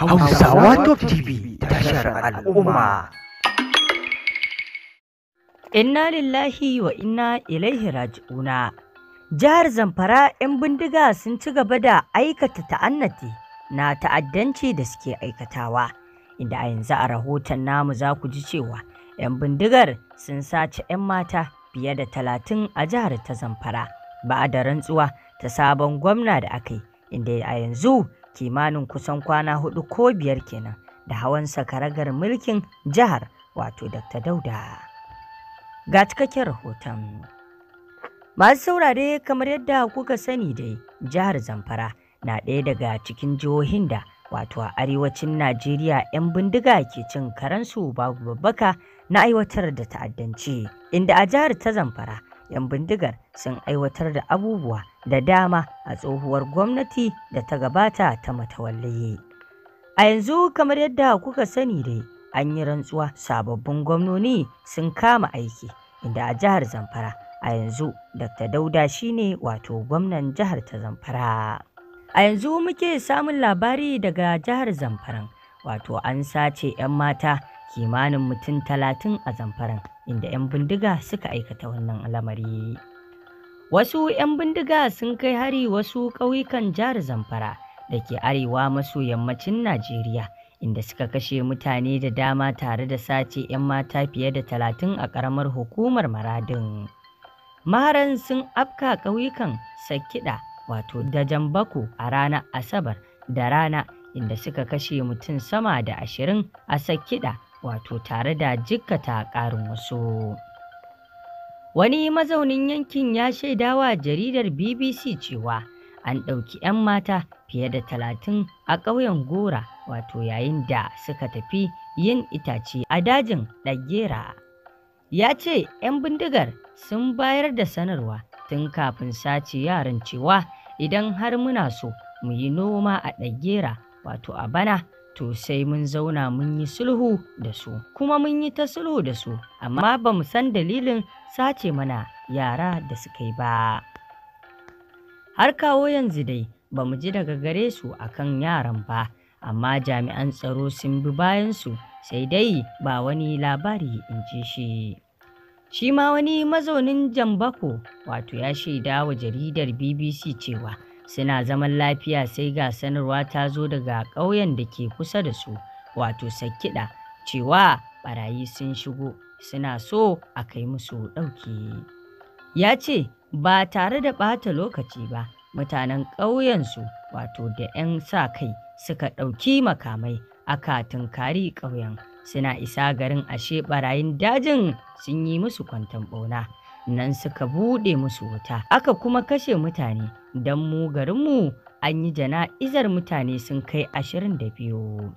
Hausawa Top TV tashar al'umma. Inna lillahi wa inna ilaihi raji'una. Jihar Zamfara 'yan bindiga sun ci gaba da aikata ta'annati na ta'addanci da suke aikatawa. Inda a yanzu a rahoton namu za ku ji cewa 'yan bindigar sun sace 'yan mata fiye da talatin a jihar ta Zamfara ba da rantsuwa ta sabon gwamna da aka yi inda a yanzu kimanin kusan kwana hudu ko biyar kenan da hawan sakaragar mulkin jihar wato Dr. Dauda. Ga cikakken rahoton. Masu saurare kamar yadda kuka sani dai jihar Zamfara na ɗaya daga cikin jihohin da wato a arewacin Najeriya 'yan bindiga ke cin karansu babu babbaka na aiwatar da ta'addanci inda a jihar ta Zamfara 'yan bindigar sun aiwatar da abubuwa da dama a tsohuwar gwamnati da ta gabata ta matawallaye. A yanzu kamar yadda kuka sani dai an yi rantsuwa sababbin gwamnoni sun kama aiki inda a jihar Zamfara a yanzu Dr. Dauda shi ne wato gwamnan jihar ta Zamfara. A yanzu muke samun labari daga jihar zamfara wato an sace 'yan mata kimanin mutum talatin a zamfaran inda 'yan bindiga suka aikata wannan al'amari wasu 'yan bindiga sun kai hari wasu ƙauyukan jihar zamfara da ke arewa maso yammacin najeriya inda suka kashe mutane da dama tare da sace 'yan mata fiye da talatin a ƙaramar hukumar maradin maharan sun afka ƙauyukan sakkiɗa wato Dajan jambako a ranar asabar da rana inda suka kashe mutum sama da ashirin a sakkiɗa wato tare da jikkata ƙarin wasu. Wani mazaunin yankin ya shaida wa jaridar BBC cewa an ɗauki 'yan mata fiye da talatin a ƙauyen Gora wato yayin da suka tafi yin itace a dajin Ɗagera. Ya ce 'yan bindigar sun bayar da sanarwa tun kafin sace yaran cewa idan har muna so mu yi noma a Ɗagera wato a bana to sai mun zauna mun yi sulhu da su kuma mun yi ta sulhu da su amma ba mu san dalilin sace mana yara da suka yi ba har kawo yanzu dai ba mu ji daga gare su akan yaran ba amma jami'an tsaro sun bi bayan su sai dai ba wani labari in ji shi shi ma wani mazaunin jambako wato ya shaida wa jaridar bbc cewa suna zaman lafiya sai ga sanarwa ta zo daga ƙauyen da ke kusa da su wato sakiɗa, cewa barayi sun shigo suna so a kai musu ɗauki ya ce ba tare da ɓata lokaci ba mutanen ƙauyensu wato da 'yan sa kai suka ɗauki makamai aka tunkari ƙauyen suna isa garin ashe barayin dajin sun yi musu kwanton ɓauna nan suka buɗe musu wuta aka kuma kashe mutane don mu garinmu an yi jana'izar mutane sun kai ashirin da biyu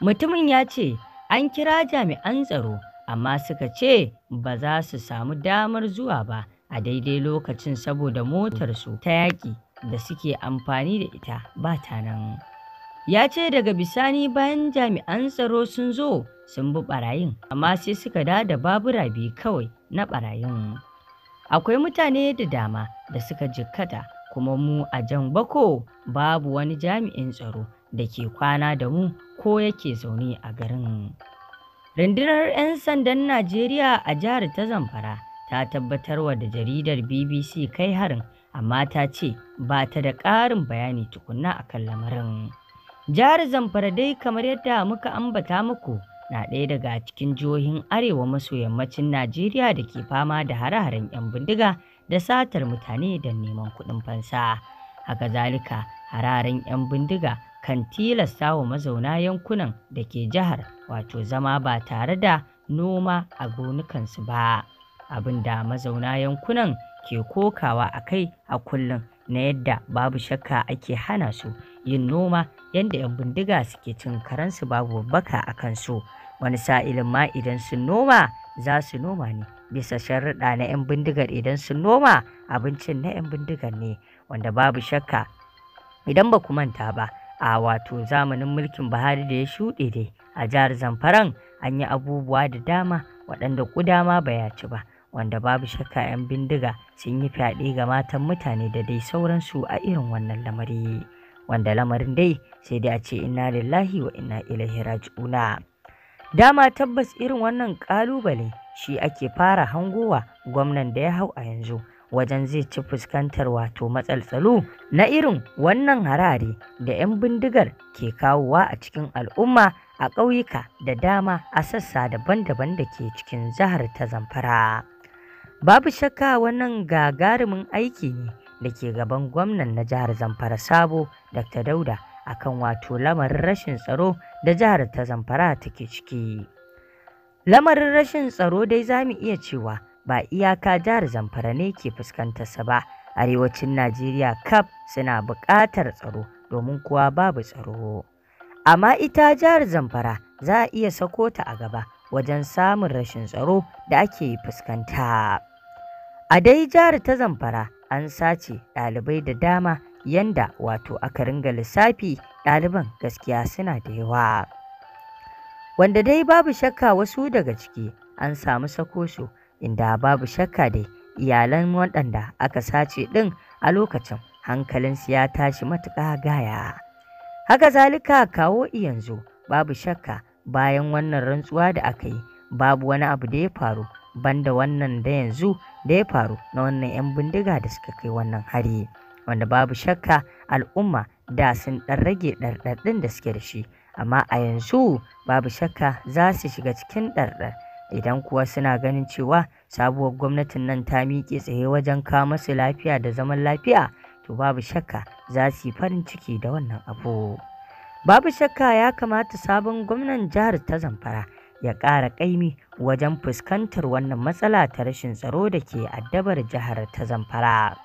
mutumin ya ce an kira jami'an tsaro amma suka ce ba za su samu damar zuwa ba a daidai lokacin saboda motarsu ta yaƙi da suke amfani da ita ba ta nan ya ce daga bisani bayan jami'an tsaro sun zo sun bi barayin amma sai suka da da babura biyu kawai na barayin akwai mutane da dama da suka jikkata kuma mu a jan bako babu wani jami'in tsaro da ke kwana da mu ko yake zaune a garin rundunar 'yan sandan najeriya a jihar ta zamfara ta tabbatar wa da jaridar bbc kai harin amma ta ce ba ta da ƙarin bayani tukunna akan lamarin jihar zamfara dai kamar yadda muka ambata muku na ɗaya daga cikin jihohin arewa maso yammacin Najeriya da ke fama da hare-haren 'yan bindiga da satar mutane da neman kuɗin fansa. Haka zalika, hare 'yan bindiga kan tilasta wa mazauna yankunan da ke jihar wato zama ba tare da noma a gonukansu ba, abin da mazauna yankunan ke kokawa a kai a kullum. na yadda babu shakka ake hana su yin noma yadda 'yan bindiga suke cin karensu babu babbaka a kansu wani sa'ilin ma idan sun noma za su noma ne bisa sharuɗa na 'yan bindigar idan sun noma abincin na 'yan bindigar ne wanda babu shakka idan ba ku manta ba a wato zamanin mulkin buhari da ya shuɗe dai a jihar zamfaran an yi abubuwa da dama waɗanda ƙudama ba ya ci ba wanda babu shakka 'yan bindiga sun yi fyaɗe ga matan mutane da dai sauransu a irin wannan lamari wanda lamarin dai sai dai a ce 'Ina lillahi wa inna ilaihi raji'una dama tabbas irin wannan kalubale shi ake fara hangowa gwamnan da ya hau a yanzu wajen zai ci fuskantar wato matsaltsalo na irin wannan harare da 'yan bindigar ke kawowa a cikin al'umma a ƙauyuka da dama a sassa daban-daban da ke cikin jihar ta zamfara. Babu shakka wannan gagarumin aiki ne da ke gaban gwamnan na jihar Zamfara Sabo Dr. Dauda a kan wato lamarin rashin tsaro da jihar ta Zamfara take ciki. Lamarin rashin tsaro dai za mu iya cewa ba iyaka jihar Zamfara ne ke fuskantarsa ba, arewacin Najeriya kaf suna buƙatar tsaro domin kuwa babu tsaro. Amma ita jihar Zamfara za a iya sako ta a gaba wajen samun rashin tsaro da ake fuskanta. A dai jihar ta Zamfara an sace ɗalibai da dama yanda wato aka ringa lissafi ɗaliban gaskiya suna da yawa. Wanda dai babu shakka wasu daga ciki an samu sako su inda babu shakka dai iyalan waɗanda aka sace ɗin a lokacin hankalinsu ya tashi matuƙa gaya. Haka zalika kawo yanzu babu shakka Bayan wannan rantsuwa da aka yi, babu wani abu da ya faru banda wannan da yanzu da ya faru na wannan 'yan bindiga da suka kai wannan hari. Wanda babu shakka al'umma da sun ɗan rage ɗarɗarɗin da suke da shi, amma a yanzu babu shakka za su shiga cikin ɗarɗar. Idan kuwa suna ganin cewa sabuwar gwamnatin nan ta miƙe tsaye wajen kawo masu lafiya da zaman lafiya, to babu shakka za su yi farin ciki da wannan abu. Babu shakka ya kamata sabon gwamnan jihar ta Zamfara ya ƙara ƙaimi wajen fuskantar wannan matsala ta rashin tsaro da ke addabar jihar ta Zamfara.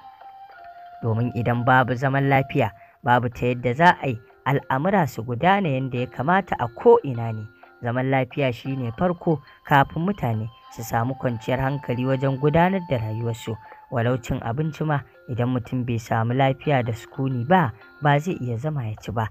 Domin idan babu zaman lafiya, babu ta yadda za a yi al'amura su gudana yadda ya kamata a ko ina ne. Zaman lafiya shi ne farko kafin mutane su samu kwanciyar hankali wajen gudanar da rayuwarsu. walau cin abinci ma idan mutum bai samu lafiya da sukuni ba ba zai iya zama ya ci ba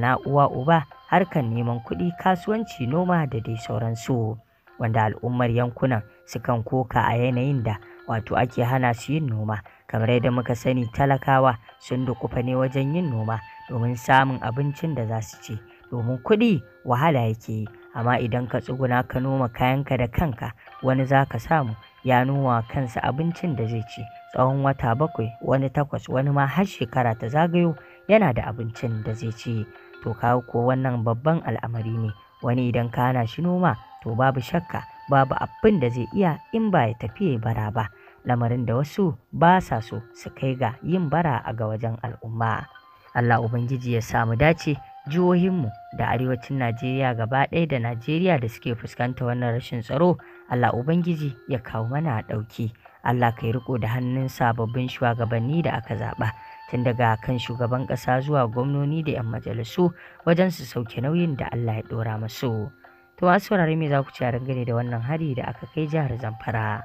na uwa uba harkar neman kuɗi kasuwanci noma da dai sauransu wanda al'ummar yankunan sukan koka a yanayin da wato ake hana su yin noma kamar yadda muka sani talakawa sun dukufa ne wajen yin noma domin samun abincin da za su ci domin kuɗi wahala yake yi amma idan ka tsuguna ka noma kayanka da kanka wani za ka samu ya nuna kansa abincin da zai ci tsawon wata bakwai wani takwas wani ma har shekara ta zagayo yana da abincin da zai ci to kawo ko wannan babban al'amari ne wani idan ka hana shi noma to babu shakka babu abin da zai iya in ba ya tafi bara ba lamarin da wasu ba sa so su kai ga yin bara a ga wajen al'umma Allah Ubangiji ya samu dace jihohinmu da arewacin Najeriya gaba ɗaya da Najeriya da suke fuskanta wannan rashin tsaro Allah Ubangiji ya kawo mana ɗauki. Allah ka yi riko da hannun sababbin shugabanni da aka zaɓa tun daga kan shugaban ƙasa zuwa gwamnoni da 'yan majalisu wajen su sauke nauyin da Allah ya ɗora masu. To a saurare me za ku ci a dangane da wannan hari da aka kai jihar Zamfara.